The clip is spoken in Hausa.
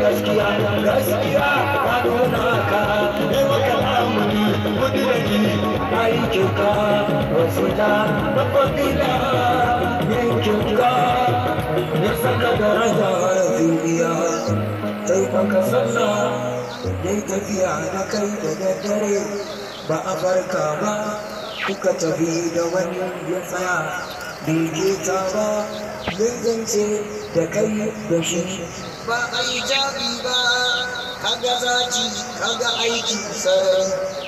gaskiya gaskiya ka nuna ka ne maka lamuni wani wani aikin ka mafita na fadila yankin ka ya saka daraja duniya na kai ba a farka ba ربك تبيد والنجفا بالكي ترى لنجنسي دكي بشي ba ai jari ba kaga zaki kaga aikinsa